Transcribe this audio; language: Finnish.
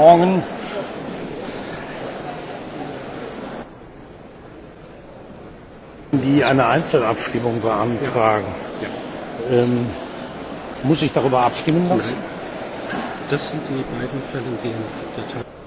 Morgen. Die eine Einzelabstimmung beantragen. Ja. Ja. Ähm, muss ich darüber abstimmen lassen? Das sind die beiden Fälle, in der Tat.